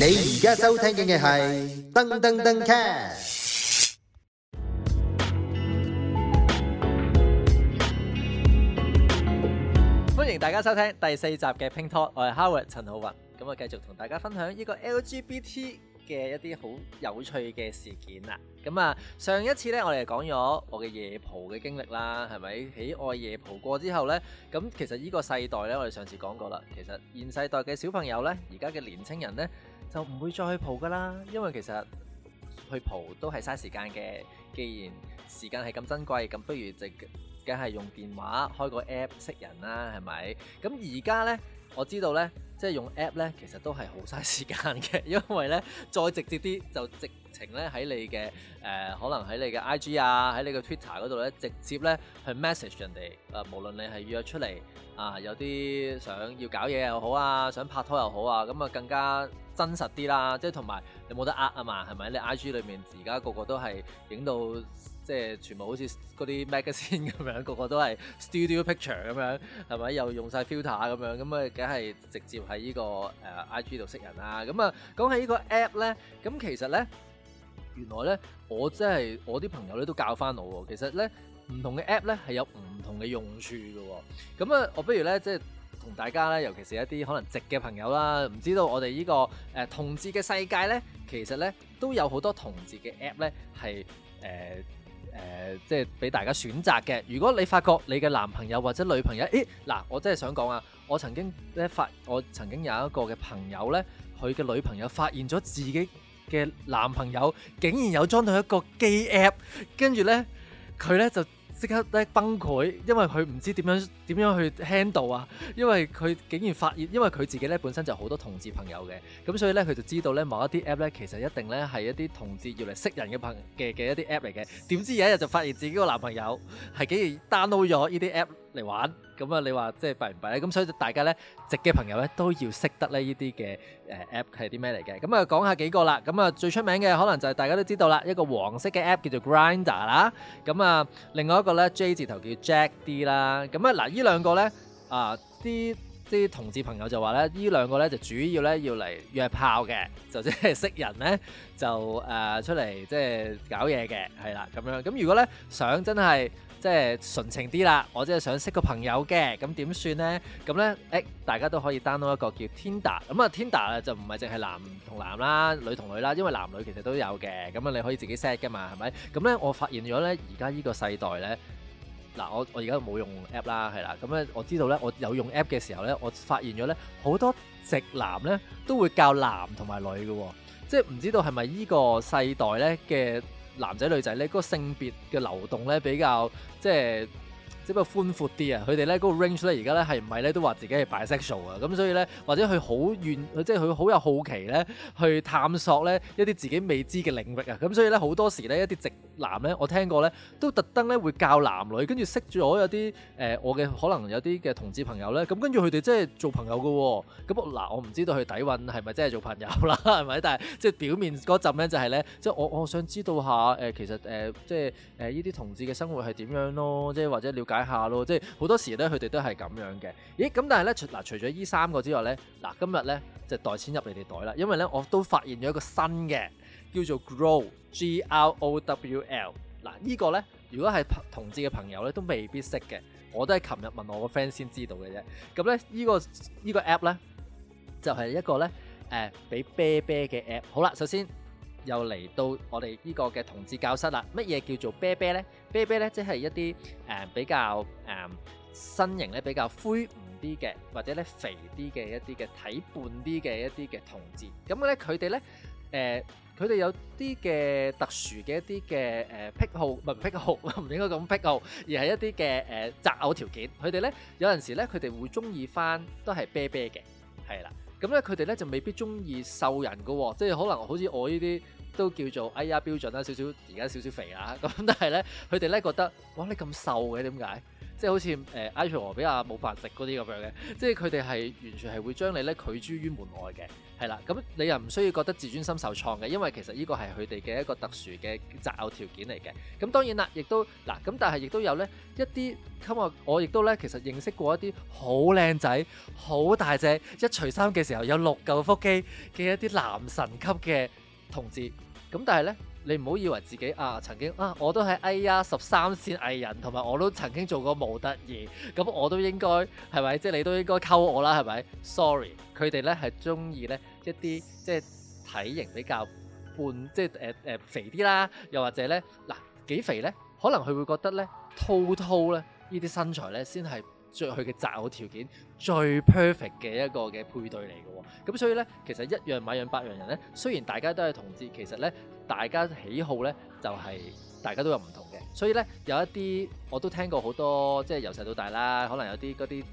你而家收聽嘅係噔噔噔 cast，歡迎大家收聽第四集嘅 Pink Talk，我係 Howard 陳浩雲，咁啊繼續同大家分享呢個 LGBT 嘅一啲好有趣嘅事件啦。咁啊，上一次咧我哋講咗我嘅夜蒲嘅經歷啦，係咪？喜愛夜蒲過之後咧，咁其實呢個世代咧，我哋上次講過啦，其實現世代嘅小朋友咧，而家嘅年輕人咧。就唔會再去蒲㗎啦，因為其實去蒲都係嘥時間嘅。既然時間係咁珍貴，咁不如就梗係用電話開個 app 識人啦，係咪？咁而家呢，我知道呢，即係用 app 呢，其實都係好嘥時間嘅，因為呢，再直接啲就直情呢，喺你嘅誒、呃，可能喺你嘅 IG 啊，喺你嘅 Twitter 嗰度呢，直接呢，去 message 人哋。誒、呃，無論你係約出嚟啊、呃，有啲想要搞嘢又好啊，想拍拖又好啊，咁啊更加，真實啲啦，即係同埋你冇得呃啊嘛，係咪？你 I G 裏面而家個個都係影到，即係全部好似嗰啲 magazine 咁樣，個個都係 studio picture 咁樣，係咪？又用晒 filter 咁樣，咁啊，梗係直接喺呢個誒 I G 度識人啦。咁啊，講起呢個 app 咧，咁其實咧，原來咧，我真係，我啲朋友咧都教翻我，其實咧唔同嘅 app 咧係有唔同嘅用處嘅。咁啊，我不如咧即係。就是同大家咧，尤其是一啲可能直嘅朋友啦，唔知道我哋呢個誒、呃、同志嘅世界呢，其實呢都有好多同志嘅 app 咧，係誒誒即係俾大家選擇嘅。如果你發覺你嘅男朋友或者女朋友，誒嗱，我真係想講啊，我曾經咧發，我曾經有一個嘅朋友咧，佢嘅女朋友發現咗自己嘅男朋友竟然有裝到一個 gay app，跟住咧佢咧就。即刻咧崩潰，因為佢唔知點樣點樣去 handle 啊！因為佢竟然發現，因為佢自己咧本身就好多同志朋友嘅，咁所以咧佢就知道咧某一啲 app 咧其實一定咧係一啲同志要嚟識人嘅朋嘅嘅一啲 app 嚟嘅。點知有一日就發現自己個男朋友係竟然 download 咗呢啲 app。嚟玩咁啊！你話即係弊唔弊咧？咁所以大家咧，直嘅朋友咧都要識得咧呢啲嘅誒 app 係啲咩嚟嘅？咁啊，講下幾個啦。咁啊，最出名嘅可能就係大家都知道啦，一個黃色嘅 app 叫做 Grindr 啦。咁啊，另外一個咧 J 字頭叫 Jack D 啦。咁啊，嗱，呢兩個咧啊，啲啲同志朋友就話咧，呢兩個咧就主要咧要嚟約炮嘅，就即係識人咧就誒出嚟即係搞嘢嘅，係啦咁樣。咁如果咧想真係即係純情啲啦，我真係想識個朋友嘅，咁點算呢？咁咧，誒、欸，大家都可以 download 一個叫 Tinder，咁、嗯、啊 Tinder 就唔係淨係男同男啦，女同女啦，因為男女其實都有嘅，咁啊你可以自己 set 噶嘛，係咪？咁咧，我發現咗咧，而家呢個世代咧，嗱，我我而家冇用 app 啦，係啦，咁咧我知道咧，我有用 app 嘅時候咧，我發現咗咧好多直男咧都會教男同埋女嘅喎、哦，即係唔知道係咪呢個世代咧嘅。男仔女仔咧，嗰個性別嘅流動咧，比較即係。即係寬闊啲啊！佢哋咧個 range 咧，而家咧係唔係咧都話自己係 bisexual 啊？咁所以咧，或者佢好願即係佢好有好奇咧，去探索咧一啲自己未知嘅領域啊！咁所以咧，好多時咧一啲直男咧，我聽過咧都特登咧會教男女，跟住識咗有啲誒我嘅可能有啲嘅同志朋友咧，咁跟住佢哋即係做朋友噶喎。咁嗱我唔、呃、知道佢底蘊係咪真係做朋友啦？係咪？但係即係表面陣咧就係咧，即係我我想知道下誒、呃、其實誒即係誒呢啲同志嘅生活係點樣咯？即係或者了解。下咯，即係好多時咧，佢哋都係咁樣嘅。咦，咁但係咧，嗱除咗依三個之外咧，嗱今日咧就是，代錢入你哋袋啦。因為咧，我都發現咗一個新嘅，叫做 Grow G, row, G R O W L。嗱，這個，呢個咧，如果係同志嘅朋友咧，都未必識嘅。我都係琴日問我個 friend 先知道嘅啫。咁咧，呢，這個依，這個 app 咧，就係，是，一個咧，誒、呃，俾啤啤嘅 app。好啦，首先。又嚟到我哋呢個嘅同志教室啦，乜嘢叫做啤啤咧？啤啤咧，即係一啲誒比較誒身形咧比較灰梧啲嘅，或者咧肥啲嘅一啲嘅體胖啲嘅一啲嘅同志。咁咧，佢哋咧，誒佢哋有啲嘅特殊嘅一啲嘅誒癖好，唔係癖好，唔應該咁癖好，而係一啲嘅誒擇偶條件。佢哋咧，有陣時咧，佢哋會中意翻都係啤啤嘅，係啦。咁咧，佢哋咧，就未必中意瘦人嘅喎，即係可能好似我呢啲。都叫做哎呀標準啦少少，而家少少肥啦咁，但係咧佢哋咧覺得，哇你咁瘦嘅點解？即係好似誒埃塞俄比亞冇飯食嗰啲咁樣嘅，即係佢哋係完全係會將你咧拒諸於門外嘅，係啦。咁你又唔需要覺得自尊心受創嘅，因為其實呢個係佢哋嘅一個特殊嘅擇偶條件嚟嘅。咁當然啦，亦都嗱咁，但係亦都有咧一啲，咁我我亦都咧其實認識過一啲好靚仔、好大隻、一除衫嘅時候有六嚿腹肌嘅一啲男神級嘅同志。咁但係咧，你唔好以為自己啊曾經啊我都係哎呀十三線藝人，同埋我都曾經做過模特兒，咁、嗯、我都應該係咪？即係你都應該溝我啦，係咪？Sorry，佢哋咧係中意咧一啲即係體型比較胖，即係誒誒肥啲啦，又或者咧嗱幾肥咧，可能佢會覺得咧，濤濤咧呢啲身材咧先係。即係佢嘅擇偶條件最 perfect 嘅一個嘅配對嚟㗎喎，咁所以咧，其實一樣米養百樣人咧，雖然大家都係同志，其實咧大家喜好咧就係、是。大家都有唔同嘅，所以咧有一啲我都聽過好多，即係由細到大啦，可能有啲嗰啲誒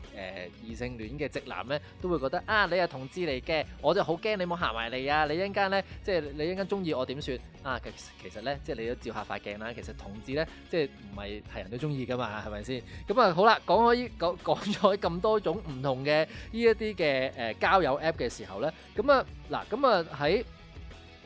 異性戀嘅直男咧都會覺得啊，你係同志嚟嘅，我就好驚你冇行埋嚟啊！你一陣間咧即係你一陣間中意我點算啊？其實其實咧即係你都照下塊鏡啦，其實同志咧即係唔係係人都中意噶嘛，係咪先？咁啊好啦，講開講講咗咁多種唔同嘅呢一啲嘅誒交友 App 嘅時候咧，咁啊嗱，咁啊喺。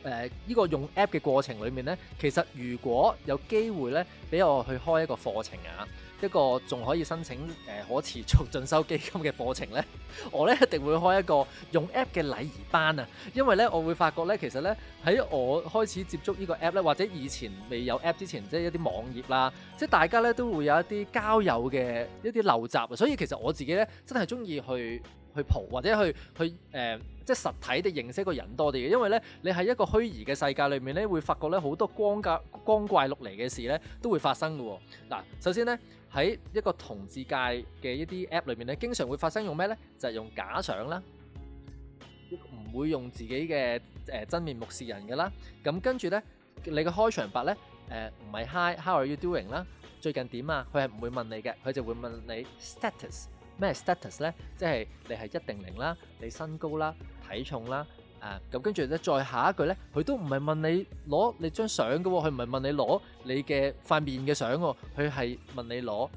誒呢、呃呢個用 app 嘅過程裏面呢，其實如果有機會呢，俾我去開一個課程啊，一個仲可以申請誒、呃、可持續進修基金嘅課程呢，我呢一定會開一個用 app 嘅禮儀班啊，因為呢，我會發覺呢，其實呢，喺我開始接觸呢個 app 呢，或者以前未有 app 之前，即係一啲網頁啦，即係大家呢都會有一啲交友嘅一啲陋習，所以其實我自己呢，真係中意去。去蒲或者去去誒、呃，即係實體地認識一個人多啲嘅，因為咧你喺一個虛擬嘅世界裏面咧，會發覺咧好多光怪光怪陸離嘅事咧都會發生嘅喎。嗱，首先咧喺一個同志界嘅一啲 App 裏面咧，經常會發生用咩咧？就係、是、用假相啦，唔會用自己嘅誒真面目示人嘅啦。咁跟住咧，你嘅開場白咧誒唔、呃、係 Hi，How are you doing 啦？最近點啊？佢係唔會問你嘅，佢就會問你 Status。咩 status 咧？即係你係一定零啦，你身高啦、體重啦，誒咁跟住咧再下一句咧，佢都唔係問你攞你張相嘅喎，佢唔係問你攞你嘅塊面嘅相喎，佢係問你攞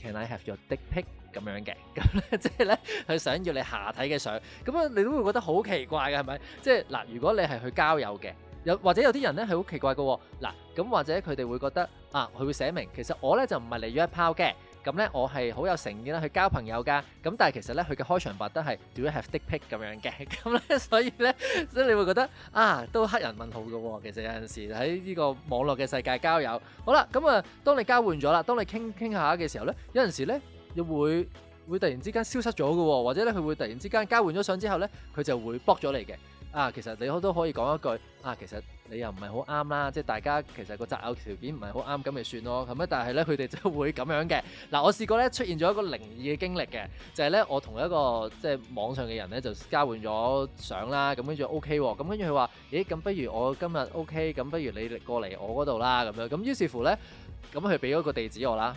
Can I have your dick pic 咁樣嘅，咁咧即係咧佢想要你下體嘅相，咁樣你都會覺得好奇怪嘅，係咪？即係嗱，如果你係去交友嘅，又或者有啲人咧係好奇怪嘅，嗱咁或者佢哋會覺得啊，佢會寫明其實我咧就唔係嚟約炮嘅。咁咧，我係好有誠意啦，去交朋友噶。咁但係其實咧，佢嘅開場白都係 Do you have dick pic 咁樣嘅。咁咧，所以咧，所以你會覺得啊，都黑人問號嘅喎。其實有陣時喺呢個網絡嘅世界交友，好啦，咁啊，當你交換咗啦，當你傾傾下嘅時候咧，有陣時咧，又會會突然之間消失咗嘅喎，或者咧佢會突然之間交換咗相之後咧，佢就會卜咗你嘅。啊，其實你都都可以講一句，啊，其實你又唔係好啱啦，即係大家其實個擇偶條件唔係好啱，咁咪算咯，咁啊，但係咧佢哋就會咁樣嘅。嗱，我試過咧出現咗一個靈異嘅經歷嘅，就係、是、咧我同一個即係網上嘅人咧就交換咗相啦，咁跟住 O K 喎，咁跟住佢話，咦，咁不如我今日 O K，咁不如你過嚟我嗰度啦，咁樣，咁於是乎咧，咁佢俾咗個地址我啦。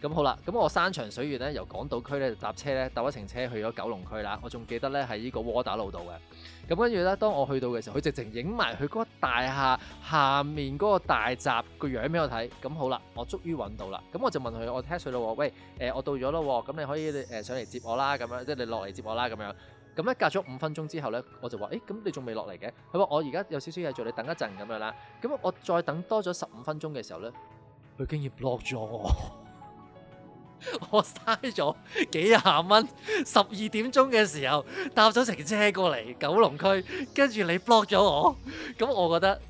咁好啦，咁我山長水遠咧，由港島區咧就搭車咧搭一程車去咗九龍區啦。我仲記得咧喺呢個窩打路度嘅。咁跟住咧，當我去到嘅時候，佢直情影埋佢嗰個大廈下面嗰個大閘個樣俾我睇。咁好啦，我終於揾到啦。咁我就問佢：我 text 咗佢話，喂，誒我到咗咯，咁你可以誒上嚟接我啦，咁樣即係你落嚟接我啦，咁樣。咁咧隔咗五分鐘之後咧，我就話：誒，咁你仲未落嚟嘅？佢話：我而家有少少嘢做，你等一陣咁樣啦。咁我再等多咗十五分鐘嘅時候咧，佢竟然 block 咗。我嘥咗幾廿蚊，十二點鐘嘅時候搭咗成車過嚟九龍區，跟住你 block 咗我，咁我覺得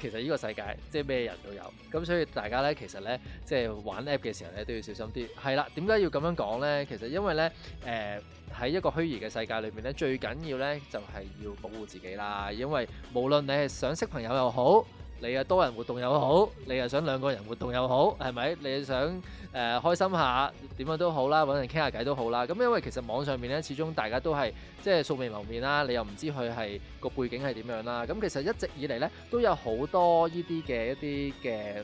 其實呢個世界即係咩人都有，咁所以大家咧其實咧即係玩 app 嘅時候咧都要小心啲。係啦，點解要咁樣講咧？其實因為咧誒喺一個虛擬嘅世界裏邊咧，最緊要咧就係要保護自己啦。因為無論你係想識朋友又好。你啊多人活動又好，你又想兩個人活動又好，係咪？你啊想誒、呃、開心下點樣都好啦，揾人傾下偈都好啦。咁因為其實網上面咧，始終大家都係即係素未謀面啦，你又唔知佢係個背景係點樣啦。咁其實一直以嚟咧，都有好多呢啲嘅一啲嘅。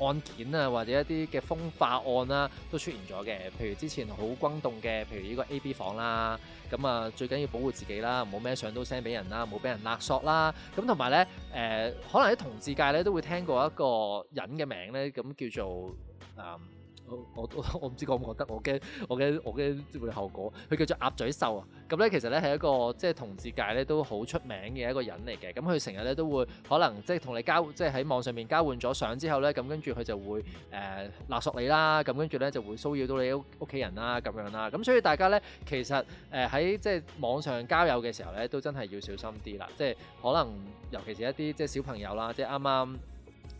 案件啊，或者一啲嘅風化案啦，都出現咗嘅。譬如之前好轟動嘅，譬如呢個 AB 房啦，咁啊，最緊要保護自己啦，冇咩相都 send 俾人啦，冇俾人勒索啦。咁同埋咧，誒、呃，可能喺同志界咧都會聽過一個人嘅名咧，咁叫做。呃我我唔知覺唔覺得，我驚我驚我驚會有後果。佢叫做鴨嘴獸啊！咁、嗯、咧其實咧係一個即係同志界咧都好出名嘅一個人嚟嘅。咁佢成日咧都會可能即係同你交即係喺網上面交換咗相之後咧，咁跟住佢就會誒勒、呃、索，索你啦，咁跟住咧就會騷擾到你屋屋企人啦，咁樣啦。咁、嗯、所以大家咧其實誒喺、呃、即係網上交友嘅時候咧，都真係要小心啲啦。即係可能尤其是一啲即係小朋友啦，即係啱啱。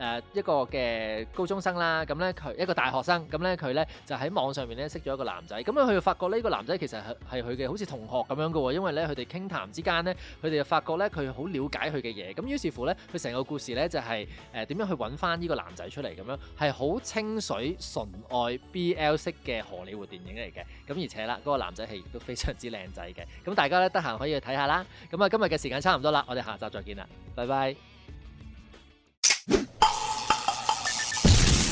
誒一個嘅高中生啦，咁咧佢一個大學生，咁咧佢咧就喺網上面咧識咗一個男仔，咁樣佢就發覺呢個男仔其實係係佢嘅好似同學咁樣嘅喎，因為咧佢哋傾談之間咧，佢哋就發覺咧佢好了解佢嘅嘢，咁於是乎咧，佢成個故事咧就係誒點樣去搵返呢個男仔出嚟咁樣，係好清水純愛 BL 式嘅荷里活電影嚟嘅，咁而且啦，嗰個男仔係都非常之靚仔嘅，咁大家咧得閒可以去睇下啦，咁啊今日嘅時間差唔多啦，我哋下集再見啦，拜拜。